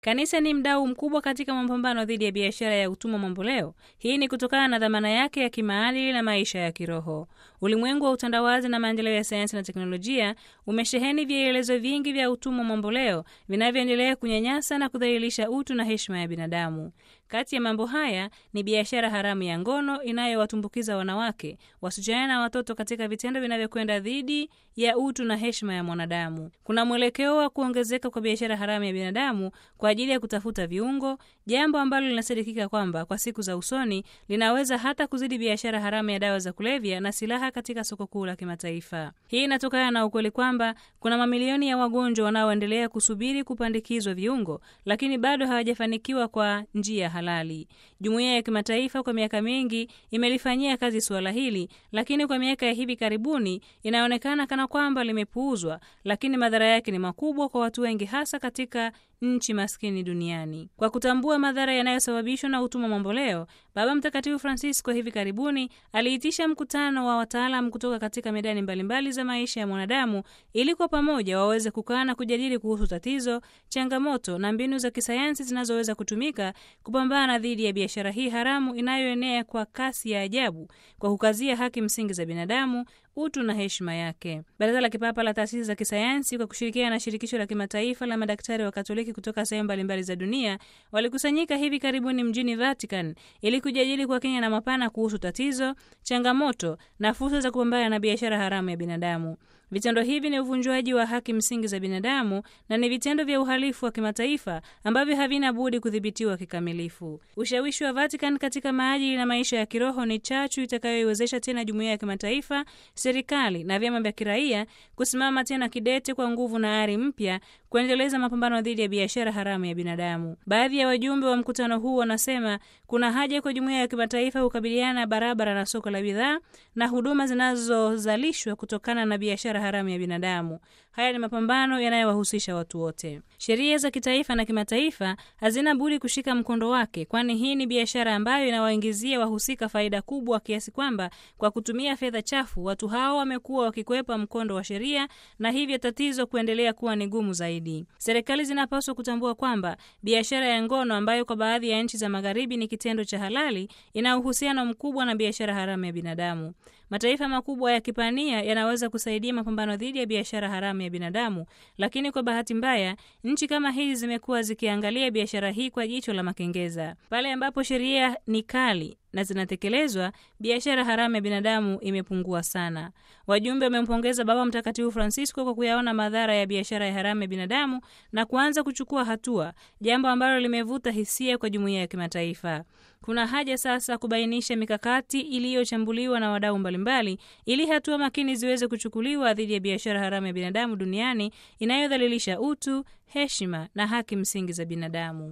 Kanisa ni mdau mkubwa katika mapambano dhidi ya biashara ya utumwa mamboleo. Hii ni kutokana na dhamana yake ya kimaadili na maisha ya kiroho. Ulimwengu wa utandawazi na maendeleo ya sayansi na teknolojia umesheheni vielelezo vingi vya utumwa mamboleo vinavyoendelea kunyanyasa na kudhalilisha utu na heshima ya binadamu. Kati ya mambo haya ni biashara haramu ya ngono inayowatumbukiza wanawake, wasichana na watoto katika vitendo vinavyokwenda dhidi ya utu na heshima ya mwanadamu. Kuna mwelekeo wa kuongezeka kwa biashara haramu ya binadamu kwa ajili ya kutafuta viungo, jambo ambalo linasadikika kwamba kwa siku za usoni linaweza hata kuzidi biashara haramu ya dawa za kulevya na silaha katika soko kuu la kimataifa. Hii inatokana na ukweli kwamba kuna mamilioni ya wagonjwa wanaoendelea kusubiri kupandikizwa viungo, lakini bado hawajafanikiwa kwa njia halali. Jumuiya ya kimataifa kwa miaka mingi imelifanyia kazi suala hili, lakini kwa miaka ya hivi karibuni inaonekana kana kwamba limepuuzwa, lakini madhara yake ni makubwa kwa watu wengi, hasa katika nchi maskini duniani. Kwa kutambua madhara yanayosababishwa na utumwa mamboleo, Baba Mtakatifu Francisco hivi karibuni aliitisha mkutano wa wataalam kutoka katika medani mbalimbali za maisha ya mwanadamu ili kwa pamoja waweze kukaa na kujadili kuhusu tatizo, changamoto na mbinu za kisayansi zinazoweza kutumika kupambana dhidi ya biashara hii haramu inayoenea kwa kasi ya ajabu, kwa kukazia haki msingi za binadamu, utu na heshima yake. Baraza la Kipapa la Taasisi za Kisayansi kwa kushirikiana na Shirikisho la Kimataifa la Madaktari wa Katoliki kutoka sehemu mbalimbali za dunia walikusanyika hivi karibuni mjini Vatican ili kujadili kwa kina na mapana kuhusu tatizo, changamoto na fursa za kupambana na biashara haramu ya binadamu. Vitendo hivi ni uvunjwaji wa haki msingi za binadamu na ni vitendo vya uhalifu wa kimataifa ambavyo havina budi kudhibitiwa kikamilifu. Ushawishi wa Vatican katika maadili na maisha ya kiroho ni chachu itakayoiwezesha tena jumuiya ya kimataifa, serikali na vyama vya kiraia kusimama tena kidete kwa nguvu na ari mpya kuendeleza mapambano dhidi ya biashara haramu ya binadamu. Baadhi ya wajumbe wa mkutano huu wanasema kuna haja kwa jumuiya ya kimataifa kukabiliana barabara na soko la bidhaa na huduma zinazozalishwa kutokana na biashara haramu ya binadamu. Haya ni mapambano yanayowahusisha watu wote. Sheria za kitaifa na kimataifa hazina budi kushika mkondo wake, kwani hii ni biashara ambayo inawaingizia wahusika faida kubwa, kiasi kwamba kwa kutumia fedha chafu watu hao wamekuwa wakikwepa mkondo wa sheria na hivyo tatizo kuendelea kuwa ni gumu zaidi zaidi. Serikali zinapaswa kutambua kwamba biashara ya ngono ambayo kwa baadhi ya nchi za magharibi ni kitendo cha halali ina uhusiano mkubwa na biashara haramu ya binadamu. Mataifa makubwa ya kipania yanaweza kusaidia mapambano dhidi ya biashara haramu ya binadamu, lakini kwa bahati mbaya nchi kama hizi zimekuwa zikiangalia biashara hii kwa jicho la makengeza. Pale ambapo sheria ni kali na zinatekelezwa, biashara haramu ya binadamu imepungua sana. Wajumbe wamempongeza Baba Mtakatifu Francisco kwa kuyaona madhara ya biashara ya haramu ya binadamu na kuanza kuchukua hatua, jambo ambalo limevuta hisia kwa jumuiya ya kimataifa. Kuna haja sasa kubainisha mikakati iliyochambuliwa na wadau mbalimbali ili hatua makini ziweze kuchukuliwa dhidi ya biashara haramu ya binadamu duniani inayodhalilisha utu, heshima na haki msingi za binadamu.